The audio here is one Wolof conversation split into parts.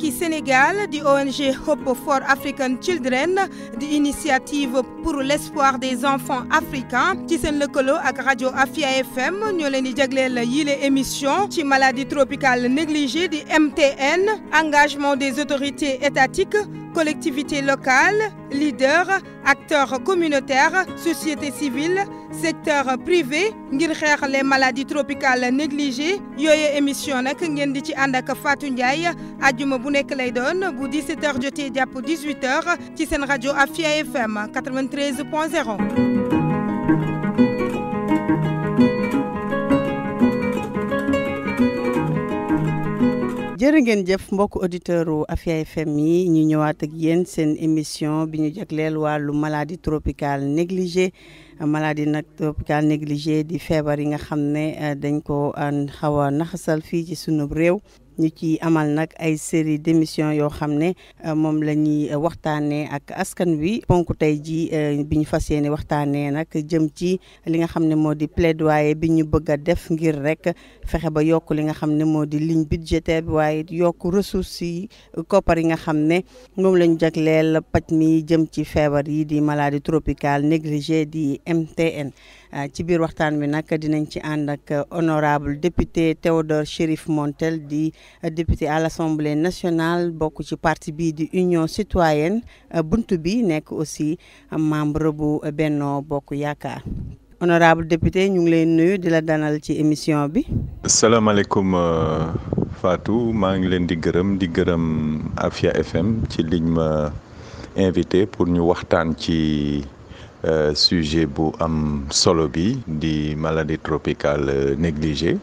Macky Sénégal di ONG Hope for African Children di initiative pour l'espoir des enfants africains ci seen lëkkaloo ak rajo Afia FM ñoo leen di jagleel yile émission ci maladie tropicale négligée di MTN engagement des autorités étatiques collectivités locales, leaders, acteurs communautaires, société civile, secteur privé ngir xeex les maladies tropicales négligées yooyu émission nag ngeen di ci ànd ak Fatou Ndiaye ajuma bu nekk lay doon bu 17h jotee jàpp 18h ci seen rajo Afia FM 93.0. jërë ngeen jëf mbokk auditeurs Afia FM yi ñu ñëwaat ak yéen seen émission bi ñu jagleel wàllu maladie tropicale négligée maladie nag tropicale négligée di feebar yi nga xam ne eh, dañ ko eh, xaw a naxasal fii ci sunu réew ñu ci amal nag ay série d'émissions yoo xam ne euh, moom la ñuy waxtaanee ak askan wi ponk tey ji euh, bi ñu fas yéene waxtaanee nag jëm ci li nga xam ne moo di plaidoyer bi ñu bëgg a def ngir rek fexe ba yokk li nga xam ne moo di ligne budgétaire bi waaye yokk ressources yi koppar yi nga xam ne moom la jagleel paj mi jëm ci feebar yi di maladie tropicale négligée di MTN Euh, ci biir waxtaan bi nag dinañ ci ànd ak euh, honorable député Théodore Chérif Monteil di euh, député à l'Assemblée nationale bokk ci parti bii di Union citoyenne bunt bi nekk aussi membre bu Benno Bokk Yaakaar honorable député ñu ngi lay nuyu di la danal ci émission bi. salaamaaleykum Fatou maa ngi leen di gërëm di gërëm Afia FM ci liñ ma invité pour ñu waxtaan ci. Euh, sujet bu am solo bi di maladie tropicale euh, négligée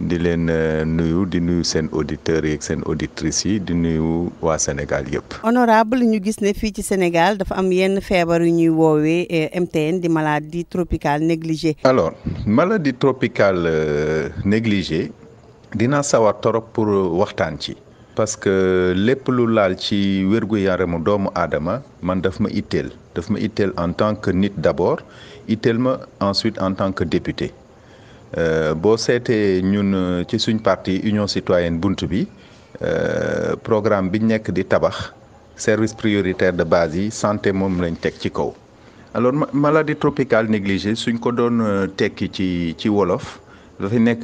di leen euh, nuyu di nuyu seen auditeurs yi ak seen auditrices yi di nuyu waa Sénégal yëpp. honorable ñu gis ne fii ci Sénégal dafa am yenn feebar yu ñuy woowee MTN di maladie tropicale négligée. alors maladie tropicale négligée dina sawar torop pour waxtaan ci. parce que lépp lu laal ci wérgu yaramu doomu aadama man daf ma itteel. daf ma itteel en tant que nit d'abord itteel ma ensuite en tant que député euh, boo seetee ñun euh, ci suñ parti Union Citoyenne Bunt bi euh, programme biñ nekk di tabax service prioritaire de base yi santé moom lañ teg ci kaw alors maladie tropicale négligée suñ ko doon tekki ci ci wolof dafay nekk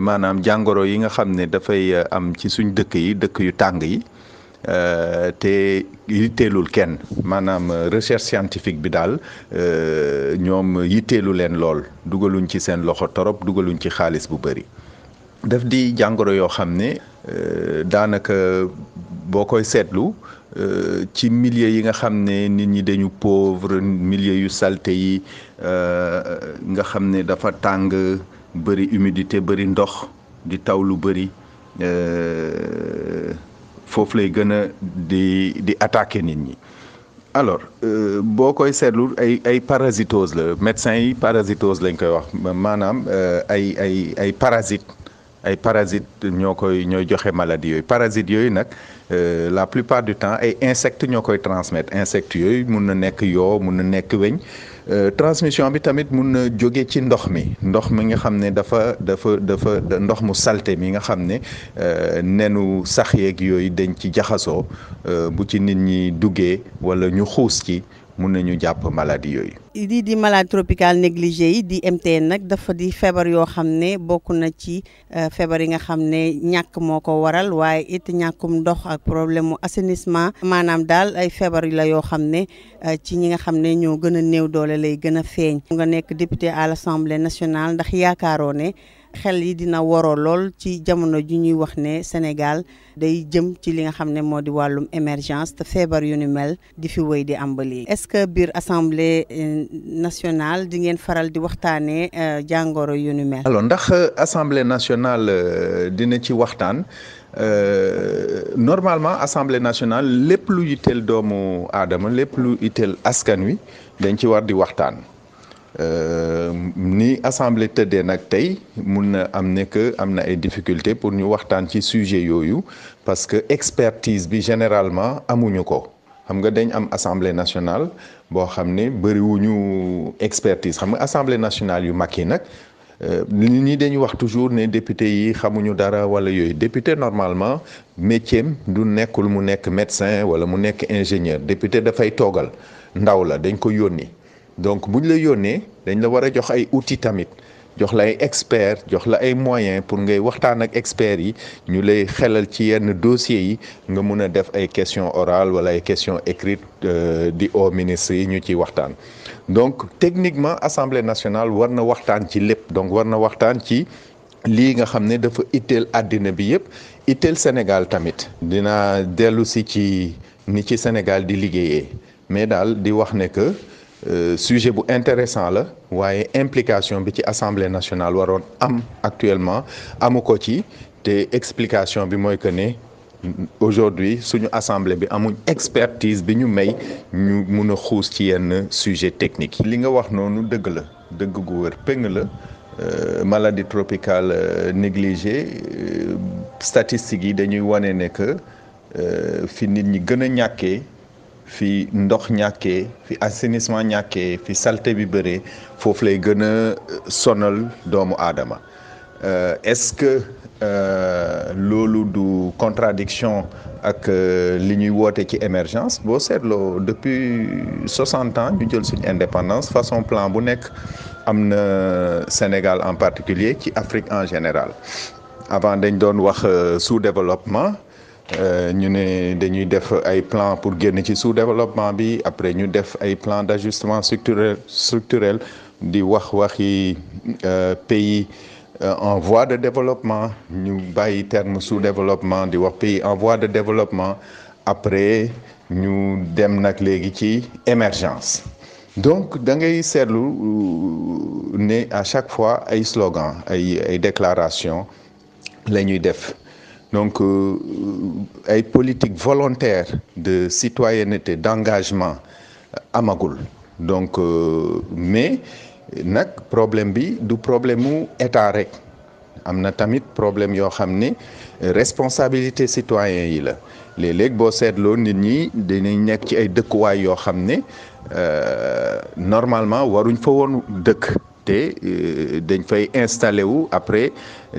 maanaam jàngoro yi nga xam ne dafay am ci suñ dëkk yi dëkk yu tàng yi Euh, te yitteelul kenn maanaam euh, recherche scientifique bi daal euh, ñoom yitteelu leen lool dugaluñ ci seen loxo torop dugaluñ ci xaalis bu bëri daf di jàngoro yoo xam ne daanaka boo koy seetlu ci millier yi nga xam ne nit ñi dañu pauvre milieu yu salte yi nga xam ne dafa tàng bëri humidité bëri ndox di taw lu bëri foofu lay gën a di di attaquer nit ñi alors euh, boo koy seetlu ay ay parasitose la médecin yi parasitose lañ koy wax maanaam euh, ay ay ay parasites ay parasites ñoo koy ñooy joxe maladie yooyu parasites yooyu nag euh, la plupart du temps ay insectes ñoo koy transmettre insectes yooyu mun na nekk yoo mun na nekk weñ Euh, transmission bi tamit mun na jóge ci ndox mi ndox mi nga xam ne dafa dafa dafa ndox mu salte mi nga xam ne euh, nenu sax yéeg yooyu dañ ci jaxasoo euh, bu ci nit ñi duggee wala ñu xuus ci mun nañu jàpp maladie yooyu. lii di maladies tropicales négligées yi di MTN nag dafa di feebar yoo xam ne bokk na ci euh, feebar yi nga xam ne ñàkk moo ko waral waaye it ñàkkum ndox ak problème mu assainissement. maanaam daal ay feebar la yoo xam ne euh, ci ñi nga xam ne ñoo gën a néew doole lay gën a feeñ. nga nekk député à l'Assemblée nationale ndax yaakaaroo ne. xel yi dina waroo lool ci jamono ju ñuy wax ne Sénégal day jëm ci li nga xam ne moo di wàllum émergence te feebar yu ni mel di fi woy di am ba léegi est-ce que biir assemblée euh, nationale di ngeen faral di waxtaane euh, jàngoro yu ni mel. alors ndax euh, assemblée nationale dina ci waxtaan. Euh, normalement assemblée nationale lépp lu yitteel doomu aadama lépp lu yitteel askan wi dañ ci war di waxtaan Euh, ni assemblée tëddee nag tey mun na am ne que am na ay difficultés pour ñu waxtaan ci sujet yooyu parce que expertise bi généralement amuñu ko xam nga dañ am assemblée nationale boo xam ne bëriwuñu expertise xam nga assemblée nationale yu mag yi nag euh, ni ñi dañuy wax toujours ne député yi xamuñu dara wala yooyu député normalement métier du nekkul mu nekk médecin wala mu nekk ingénieur député dafay toogal ndaw la dañ ko yónni. donc bu ñu la yónnee dañ la war a jox ay outils tamit jox la ay experts jox la ay moyens pour ngay waxtaan ak experts yi ñu lay xelal ci yenn dossiers yi nga mun a def ay questions orales wala ay questions écrites euh, di au ministre yi ñu ciy waxtaan. donc techniquement assemblée nationale war na waxtaan ci lépp donc war na waxtaan ci. lii nga xam ne dafa itteel àddina bi yëpp itteel Sénégal tamit dina dellu si ci ni ci Sénégal di liggéeyee mais daal di wax ne que Euh, sujet bu intéressant la waaye implication bi ci assemblée nationale waroon am actuellement amu ko ci te explication bi mooy que ne aujourd'hui suñu assemblée bi amuñ expertise bi ñu may ñu mun a xuus ci yenn sujet technique li nga wax noonu dëgg la dëgg gu wër péng la euh, maladie tropicale euh, négligée statistiques yi dañuy wane ne que fi nit ñi gën a ñàkkee fi ndox ñàkkee fi assainissement ñàkkee fi salte bi bëree foofu lay gën a euh, sonal doomu aadama euh, est-ce que euh, loolu du contradiction ak li ñuy woote ci émergence boo seetloo depuis soixante ans ñu jël suñu indépendance façon plan bu nekk am na Sénégal en particulier ci Afrique en général avant dañ doon wax sous-développement Euh, ñu ne dañuy def ay plan pour génn ci sous-développement bi après ñu def ay plan d'ajustement structurel structurel di wax waxi euh, pays euh, en voie de développement ñu bàyyi terme sous-développement di wax pays en voie de développement après ñu dem nag léegi ci émergence donc da ngay seetlu ne à chaque fois ay slogan ay ay déclaration la ñuy def donc euh, euh, ay politique volontaire de citoyenneté d'engagement euh, amagul donc mais nag problème bi du problème mu état rek am na tamit problème yoo xam ne responsabilité citoyen yi la léeg-léeg boo seetloo nit ñi dañuy nekk ci ay dëkkuwaay yoo xam ne normalement waruñ fa woon dëkk te euh, dañ fay installé wu après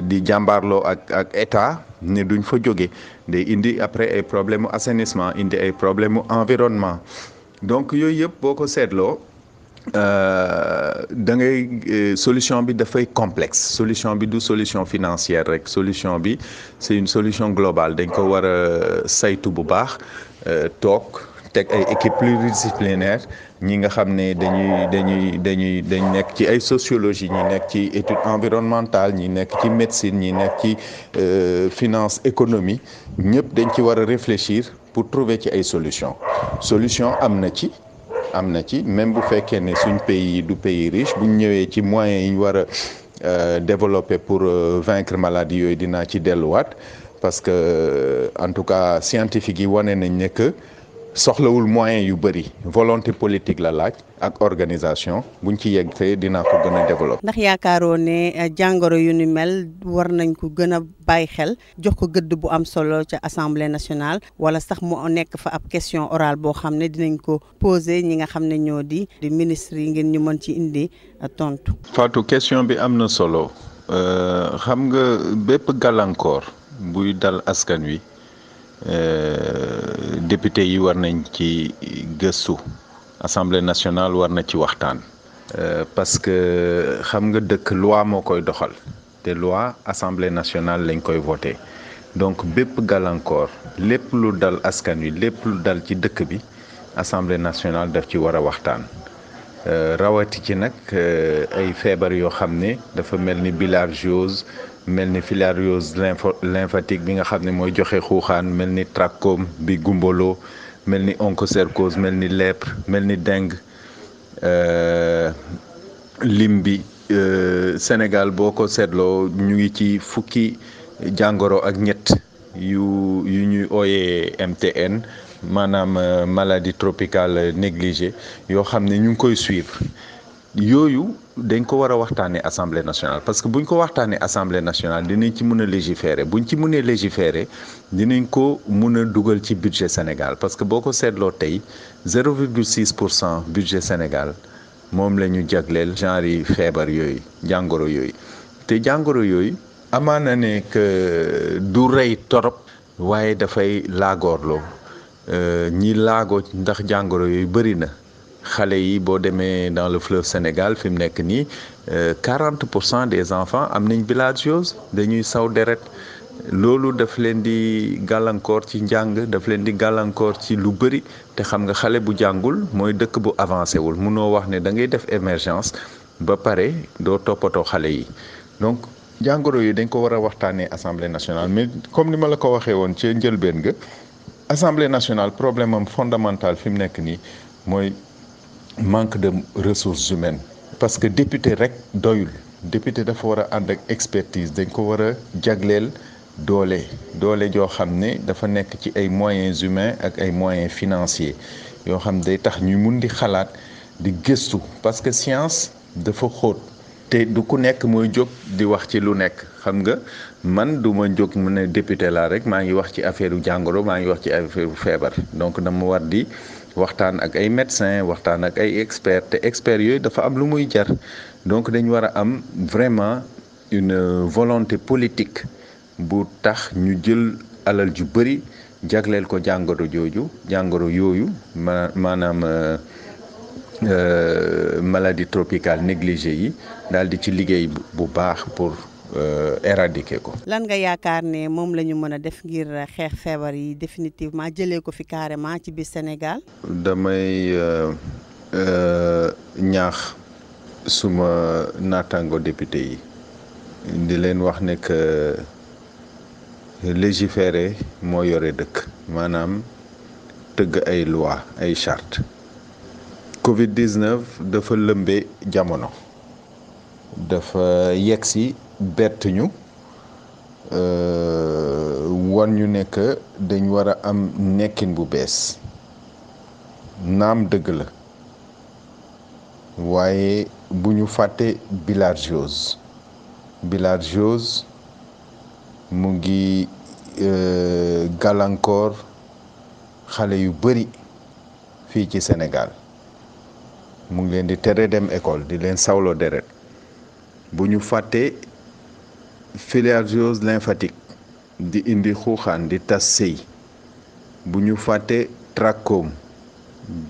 di jàmbaarloo ak ak état ne duñ fa jóge day indi après ay problème assainissement indi ay problème environnement donc yooyu yëpp boo ko seetloo euh, da ngay euh, solution bi dafay complexe solution bi du solution financière rek solution bi c'est une solution globale dañ ko war a saytu bu baax toog teg ay équipe pluridisciplinaire ñi nga xam ne dañuy dañuy dañuy dañ nekk ci ay sociologie ñi nekk ci étude environnementale ñi nekk ci médecine ñi nekk ci euh, finance économie ñëpp dañ ci war a réfléchir pour trouver ci ay solution solution am na ci am na ci même bu fekkee ne suñ pays du pays riche buñ ñëwee ci moyens yi ñu war a euh, développer pour euh, vaincre maladie yooyu dinaa ci delluwaat parce que en tout cas scientifique yi wane nañ nekk soxlawul moyens yu bëri volonté politique la laaj ak organisation buñ ci yegg te dinaa ko gën a ndax yaakaaroo ne eh, jàngoro yu ni mel war nañ ko gën a bàyyi xel jox ko gëdd bu am solo ca assemblée nationale wala sax mu nekk fa ab question orale boo xam ne dinañ ko poser ñi nga xam ne ñoo di di ministre yi ngeen ñu mën ci indi eh, tontu. Fatou question bi am na solo euh, xam nga bépp gàllankoor buy dal askan wi. Euh, député yi war nañ ci gëstu assemblée nationale war na ci waxtaan. Euh, parce que xam nga dëkk loi moo koy doxal te loi assemblée nationale lañ koy voté donc bépp gàllankoor lépp lu dal askan wi lépp lu dal ci dëkk bi assemblée nationale daf ci war a waxtaan. Euh, rawati ci nag euh, ay feebar yoo xam ne dafa mel ni bilharziose mel ni filariose lymphatique bi nga xam ne mooy joxe xuuxaan mel ni trachome bi gumbolo mel ni onchocercose mel ni lèpre mel ni dengue euh, lim bi Sénégal boo ko seetloo ñu ngi ci fukki jàngoro ak ñett yu yu ñuy ooyee MTN maanaam euh, maladie tropicale négligée yoo xam ne ñu ngi koy suivre yooyu dañ ko war a waxtaanee assemblée nationale parce que buñ ko waxtaane assemblée nationale dinañ ci mën a légiférer buñ ci munee légiférer dinañ ko mun a dugal ci budget Sénégal parce que boo ko seetloo tey 0,6 pour cent budget Sénégal moom la ñu jagleel genre yi feebar yooyu jàngoro yooyu te jàngoro yooyu amaana ne que du rey torop waaye dafay laagoorloo Euh, ñi laago ndax jàngoro yooyu bëri na xale yi boo demee dans le fleuve Sénégal fi mu nekk nii euh, quarante pour cent des enfants am nañ bilharziose dañuy saw deret loolu daf leen di gàllankoor ci njàng daf leen di gàllankoor ci lu bëri te xam nga xale bu jàngul mooy dëkk bu avancé wul munoo wax ne da ngay def émergence ba pare doo toppatoo xale yi donc jàngoro yi dañ ko war a waxtaanee assemblée nationale mais comme ni ma la ko waxee woon ci njëlbeen nga. assemblée nationale problème am fondamental fi mu nekk nii mooy manque de ressources humaines parce que député rek doyul député dafa war a ànd ak expertise dañ ko war a jagleel doole doole joo xam ne dafa nekk ci ay moyens humains ak ay moyens financiers yoo xam day tax ñuy mun di xalaat di gëstu parce que science dafa xóot te du ku nekk mooy jóg di wax ci lu nekk xam nga man du ma jóg mu ne député laa rek maa ngi wax ci affaire jàngoro maa ngi wax ci affaire feebar donc dama war di waxtaan ak ay médecins waxtaan ak ay experts te experts yooyu dafa am lu muy jar donc dañu war a am vraiment une volonté politique bu tax ñu jël alal ju bëri jagleel ko jàngoro jooju jàngoro yooyu ma maanaam euh, euh, maladie tropicale négligée yi daal di ci liggéey bu baax pour. Euh, éradiquer ko. lan nga yaakaar ne moom la ñu mën a def ngir xeex feebar yi définitivement jëlee ko fi carrément ci biir Sénégal. damay euh, euh, ñaax suma naataango député yi di leen wax ne que légiférer moo yore dëkk maanaam tëgg ay loi ay charte Covid 19 dafa lëmbee jamono dafa yegsi bett ñu euh, wan ñu nekk dañ war a am nekkin bu bees naam dëgg la waaye bu ñu fàtte bilharziose bilharziose mu ngi euh, gàllankoor xale yu bari fii ci senegal mu ngi leen di tere dem école di leen sawloo deret bu ñu fàtte filariose lymphatique di indi xuuxaan di tas sëy bu ñu fàttee trachome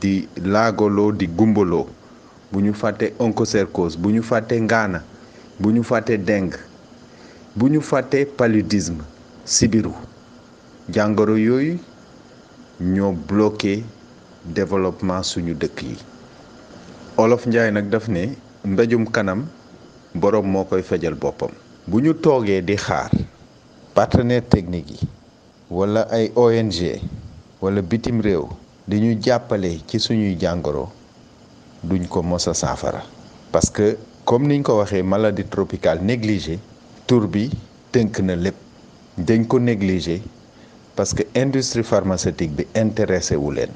di laagaloo di gumbaloo bu ñu fàttee onchocercose bu ñu fàtte ngaana bu ñu fàtte dengue bu ñu fàttee paludisme sibiru jàngoro yooyu ñoo bloqué développement suñu dëkk yi olof njaay nag daf ne mbéjum kanam boroom moo koy fajal boppam bu ñu toogee di xaar partenaire technique yi wala ay ONG wala bitim réew di ñu jàppale ci suñuy jàngoro duñ ko mos a saafara parce que comme niñ ko waxee maladie tropicale négligée tur bi tënk na lépp dañ ko négligé parce que industrie pharmaceutique bi intéressé wu leen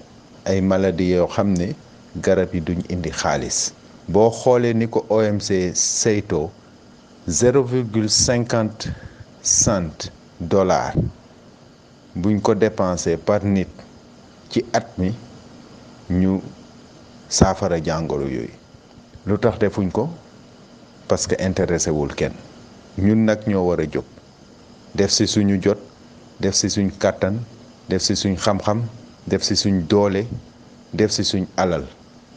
ay maladie yoo xam ne garab yi duñ indi xaalis boo xoolee ni ko OMC saytoo 0,50 cent dollar buñ ko dépensé par nit ci at mi ñu saafara jàngoro yooyu lu tax defuñ ko parce que intéressé wul kenn ñun nag ñoo war a jóg def si suñu jot def si suñ kàttan def si suñ xam-xam def si suñ doole def si suñ alal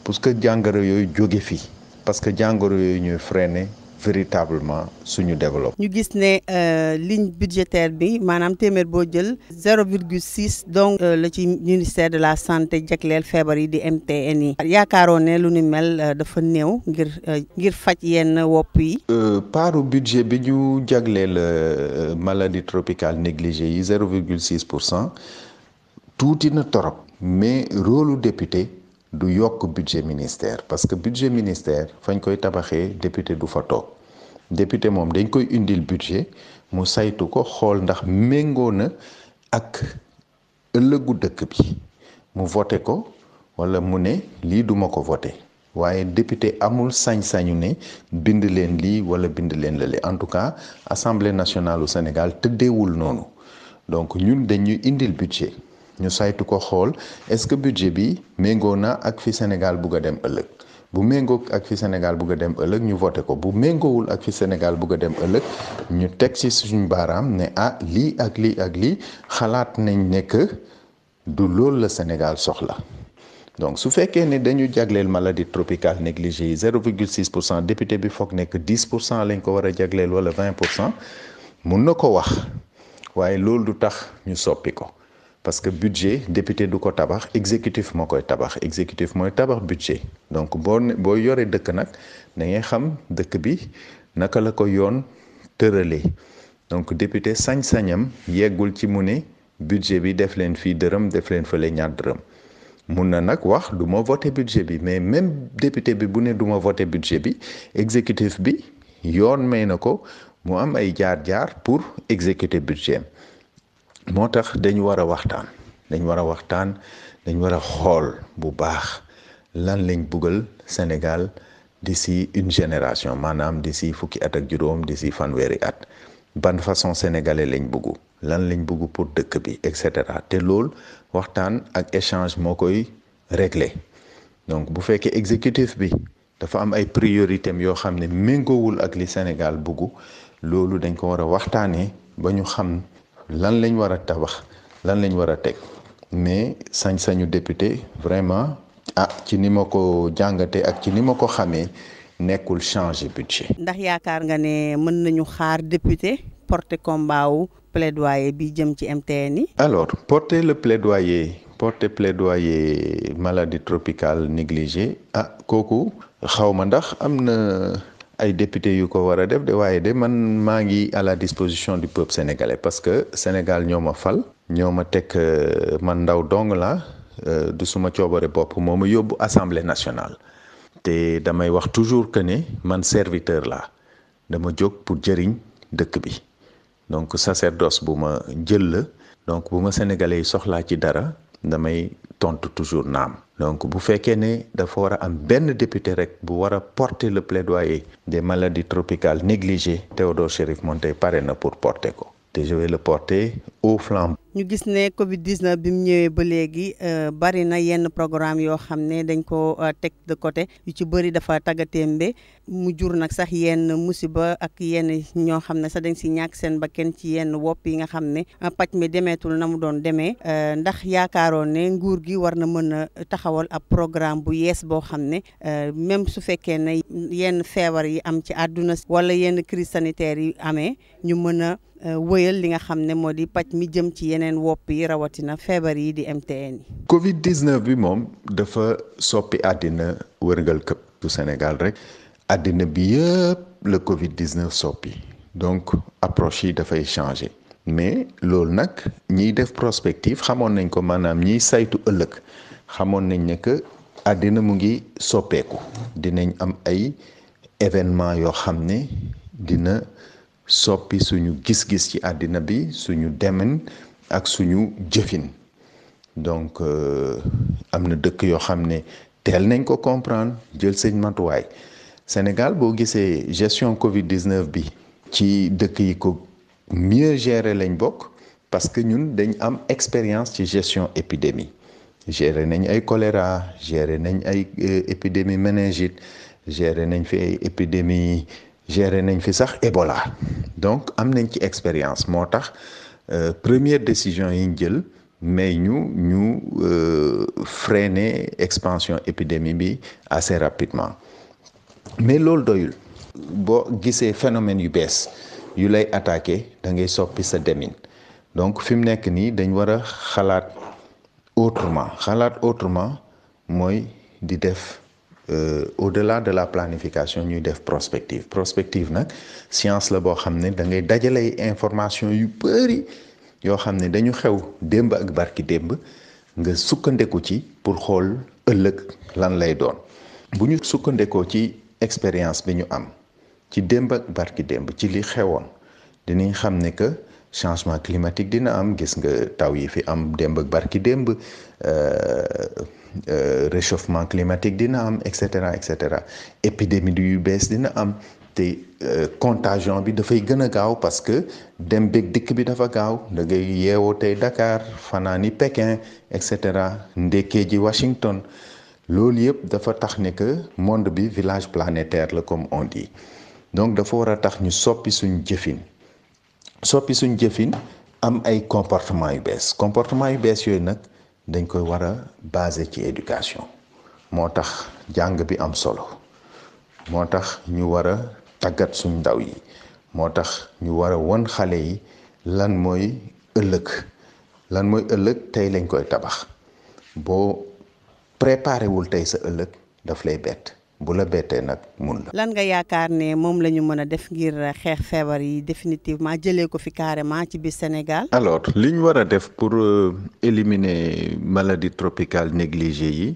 parce que jàngoro yooyu jóge fi parce que jàngoro yooyu ñuy freiné véritablement suñu développement. ñu gis ne euh, ligne budgétaire bi maanaam téeméer boo jël zéro virgule six donc euh, la ci ministère de la santé jagleel feebar yi di MTN yi. yaakaaroon ne lu ni mel euh, dafa néew ngir ngir faj yenn wopp yi. paaru budget bi ñu jagleel maladie tropicale négligée yi zéro virgule six pour cent tuuti na torop mais rôlu député. du yokk budget ministère parce que budget ministère fañ koy tabaxee député du fa toog député moom dañ koy indil budget mu saytu ko xool ndax méngoo na ak ëllëgu dëkk bi mu voté ko wala mu ne lii duma ko voté waaye député amul sañ-sañu ne bind leen lii wala bind leen lale en tout cas assemblée nationale au Sénégal tëddeewul noonu donc ñun dañuy indil budget ñu saytu ko xool est-ce que budget bi méngoo na ak fi Sénégal bugg dem ëllëg bu méngoo ak fi Sénégal bugg dem ëllëg ñu voté ko bu méngoowul ak fi Sénégal bugg dem ëllëg ñu teg ci suñu baaraam ne ah lii ak lii ak lii xalaat nañ nekk du loolu la Sénégal soxla donc su fekkee ne dañu jagleel maladie tropicale négligée yi 0,6 pour cent député bi foog nekk 10 pour cent lañ ko war a jagleel wala 20 pour cent mun na ko wax waaye loolu du tax ñu soppi ko. parce que budget député du ko tabax exécutif moo koy tabax exécutif mooy tabax budget donc boo boo yoree dëkk nag da xam dëkk bi naka la ko yoon tëralee donc député sañ-sañam yeggul ci mu ne budget bi def leen fii dërëm def leen fële ñaar dërëm mun na nag wax du ma voté budget bi mais même député bi bu ne du ma voté budget bi exécutif bi yoon may na ko mu am ay jaar-jaar pour exécuter budget moo tax dañu war a waxtaan dañ war a waxtaan dañ war a xool bu baax lan lañ buggal Sénégal di si une génération maanaam di si fukki at ak juróom di d'ici fanweeri at ban façon sénégalais lañ bugg lan lañ bugg pour dëkk bi et cetera te lool waxtaan ak échange moo koy réglé donc bu fekkee exécutif bi dafa am ay priorités yoo xam ne méngoowul ak li Sénégal bugg loolu dañ ko war a waxtaanee ba ñu xam. lan lañ war a tabax lan lañ war a teg mais sañ-sañu député vraiment ah ci ni ma ko jàngatee ak ci ni ma ko xamee nekkul changer budget ndax yaakaar nga ne mën nañu xaar député porter combat wu plaidoyer bi jëm ci MTN yi. alors porter le plaidoyer porter plaidoyer maladie tropicale négligée ah kooku xaw ma ndax am na. ay député yu ko war a def de waaye de man maa ngi à la disposition du peuple sénégalais parce que Sénégal ñoo ma fal ñoo ma teg euh, man ndaw dong la euh, du suma coobare bopp moo ma yóbbu assemblée nationale te damay wax toujours que ne man serviteur la dama jóg pour jëriñ dëkk bi donc sacerdoce bu ma jël la donc bu ma sénégalais yi soxlaa ci dara damay tontu toujours naam. donc bu fekkee ne dafa war a am benn député rek bu war a porter le plaidoyer des maladies tropicales négligées Théodore Chérif Monteil pare na pour porter ko te je le porter au flambeau ñu gis ne Covid 19 bi mu ñëwee ba léegi euh, bari na yenn programme yoo xam ne dañ ko euh, teg de côté yu ci bëri dafa mbe mu jur nag sax yenn musiba ak yenn ñoo xam ne sax dañ si ñàkk seen bakkan ci yenn wopp yi nga xam ne euh, paj mi demeetul na mu doon demee ndax yaakaaroon ne nguur gi war na mën a taxawal ab programme bu yees boo xam ne même su fekkee ne yenn feebar yi am ci àdduna wala yenn crise sanitaire yi amee ñu mën a Euh, wëyal li nga xam ne moo di paj mi jëm ci yeneen wopp yi rawatina feebar yi di MTN yi. Covid bi moom dafa soppi àddina wërngal këpp du Sénégal rek àddina bi yëpp la Covid soppi donc approche yi dafay changer mais loolu nag ñiy def prospective xamoon nañ ko maanaam ñiy saytu ëllëg xamoon nañ ne que àddina mu ngi soppeeku dinañ am ay événement yoo xam ne dina. soppi suñu gis-gis ci àddina bi suñu demin ak suñu jëfin donc euh, am na dëkk yoo xam ne tel nañ ko comprendre jël seen matuwaay Sénégal boo gisee gestion Covid 19 bi ci dëkk yi ko mieux gérer lañ bokk parce que ñun dañ am expérience ci gestion épidémie gérer nañ ay choléra gérer nañ ay euh, épidémie méningite gere nañ fi ay épidémie géré nañ fi sax Ebola donc am nañ ci expérience moo tax euh, première décision yi ñu jël mais ñu ñu euh, freiner expansion épidémie bi assez rapidement mais loolu doyul boo gisee phénomène yu bees yu lay attaqué da ngay soppi sa demin donc fi mu nekk nii dañ war a xalaat autrement xalaat autrement mooy di def Euh, au-delà de de la planification ñuy def prospective prospective nag science la boo xam ne dangay ngay information yu bëri yoo xam ne dañu xew démb ak barki démb nga sukkandeku ci pour xool ëllëg lan lay doon bu ñu sukkandekoo ci expérience bi ñu am ci démb ak barki démb ci li xewoon dinañ xam ne que changement climatique dina am gis nga taw yi fi am démb ak barki démb euh, Euh, réchauffement climatique dina am et cetera et cetera épidémie yu bees dina am te euh, contagion bi dafay gën a gaaw parce que dem beeg dikk bi dafa gaaw da ngay yeewoo tey Dakar fanaani Pékin et cetera ndekkee ji Washington loolu yëpp dafa tax ne que monde bi village planétaire la comme on dit donc dafa war a tax ñu soppi suñ jëfin soppi suñ jëfin am ay comportement yu bees comportement yu bees yooyu nag. dañ koy war a basé ci éducation moo tax jàng bi am solo moo tax ñu war a tàggat suñ ndaw yi moo tax ñu war a won xale yi lan mooy ëllëg lan mooy ëllëg tey lañ koy tabax boo préparé wul tey sa ëllëg daf lay bett bu la bettee nag mun la. lan nga yaakaar ne moom la ñu mën a def ngir xeex feebar yi définitivement jëlee ko fi carrément ci biir Sénégal. alors li ñu war a def pour euh, éliminer maladie tropicale négligée yi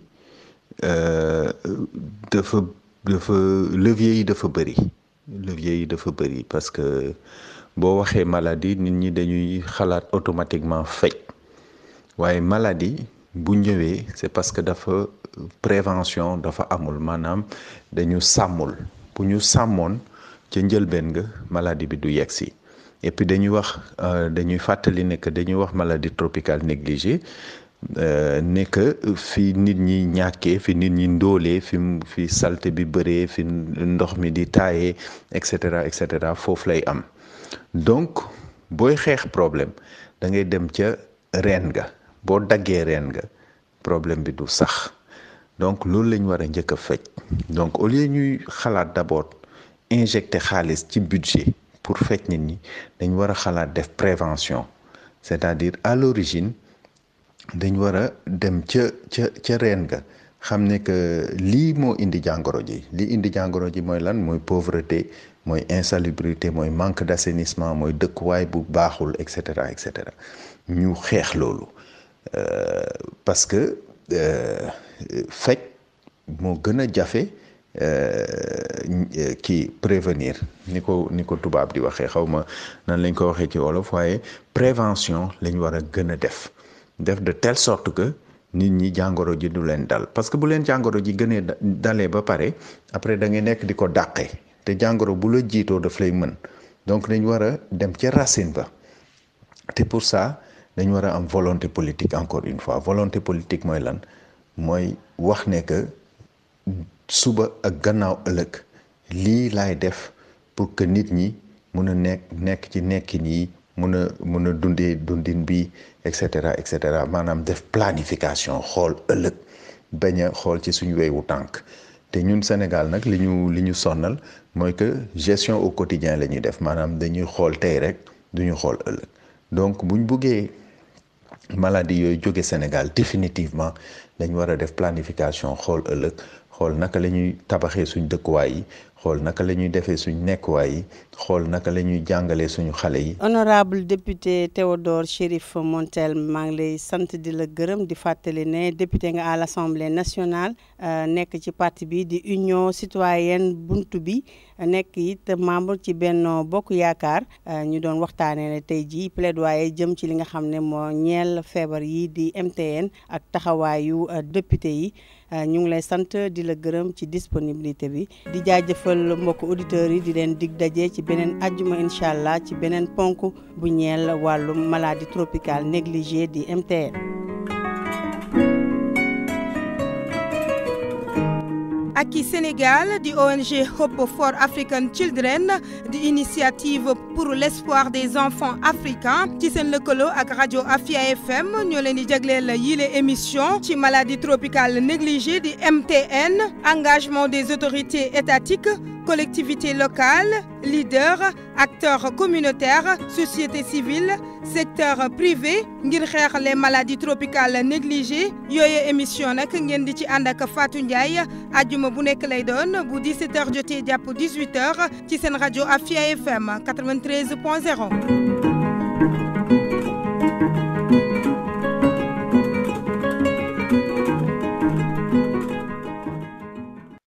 euh, dafa dafa levier yi dafa bëri levier yi dafa bëri parce que boo waxee maladie nit ñi dañuy xalaat automatiquement faj waaye maladie bu ñëwee c'est parce que dafa. prévention dafa amul maanaam dañu sàmmul bu ñu sàmmoon ca njëlbeen nga maladie bi du yegg si et dañuy wax euh, dañuy fàttali ne que dañuy wax maladie tropicale négligée euh, ne que fi nit ñi ñàkkee fi nit ñi ndoolee fi fi salte bi bëree fi ndox mi di taayee et cetera et cetera foofu lay am donc booy xeex problème da ngay dem ca reen ga boo daggee reen ga problème bi du sax donc loolu la ñu war a njëkk a fekk donc au lieu ñuy xalaat d'abord injecter xaalis ci budget pour fekk nit ñi dañ war a xalaat def prévention c'est-à-dire à l'origine dañ war a dem ca ca ca reen ga xam ne que lii moo indi jàngoro ji lii indi jàngoro ji mooy lan mooy pauvreté mooy insalubrité mooy manque d'assainissement mooy dëkkuwaay bu baaxul et cetera et cetera ñu xeex loolu euh, parce que. Euh, fec moo gën a jafe euh, ki prévenir ni ko ni ko tubaab di waxee xawma nan lañ ko waxee ci wolof waaye prévention lañ war a gën a def def de telle sorte que nit ñi jàngoro ji du leen dal parce que bu leen jàngoro ji gënee dalee ba pare après da ngay nekk di ko dàqe te jàngoro bu la jiitoo daf lay mën donc dañ war a dem ca racine ba te pour ça dañ war a am volonté politique encore une fois volonté politique mooy lan mooy wax ne que suba ak gannaaw ëllëg lii laay def pour que nit ñi mun a nekk nekk ci nekkin yi mun a mun a dundee dundin bi et cetera et cetera maanaam def planification xool ëllëg bañ xool ci suñu weewu tànk te ñun Sénégal nag li ñu li ñu sonnal mooy que gestion au quotidien la ñuy def maanaam dañuy xool tey rek duñu xool ëllëg donc buñ buggee maladie yooyu jóge Sénégal définitivement dañ war a def planification xool ëllëg xool naka la ñuy tabaxee suñ dëkkuwaay yi xool naka la ñuy defee suñ nekkuwaay yi xool naka la ñuy jàngalee suñu xale yi. honorable député Théodore Chérif Monteil maa ngi lay sant di la gërëm di fàttali ne député nga à l'Assemblée nationale euh, nekk ci parti bi di Union citoyenne buntu bi nekk it membre ci Benno Bokk Yaakaar euh, ñu doon waxtaanee ne tey jii plaidoyer jëm ci li nga xam ne moo ñeel feebar yi di MTN ak taxawaayu euh, député yi. Euh, ñu ngi lay sant di la gërëm ci disponibilité bi di jaajëfal mbokk auditeurs yi di leen dig daje ci beneen ajjuma incha allah ci beneen ponk bu ñeel wàllum maladie tropicale négligée di MTN Aki Sénégal di ONG Hope for African Children di initiative pour l'espoir des enfants africains ci seen lëkkaloo ak rajo Afia FM ñoo leen di jagleel yile émission ci maladie tropicale négligée di MTN engagement des autorités étatiques collectivités locales, leaders, acteurs communautaires, société civile, secteur privé ngir xeex les maladies tropicales négligées yooyu émission nag ngeen di ci ànd ak Fatou Ndiaye ajjuma bu nekk lay doon bu 17h jotee jàpp 18h ci seen rajo Afia FM 93.0.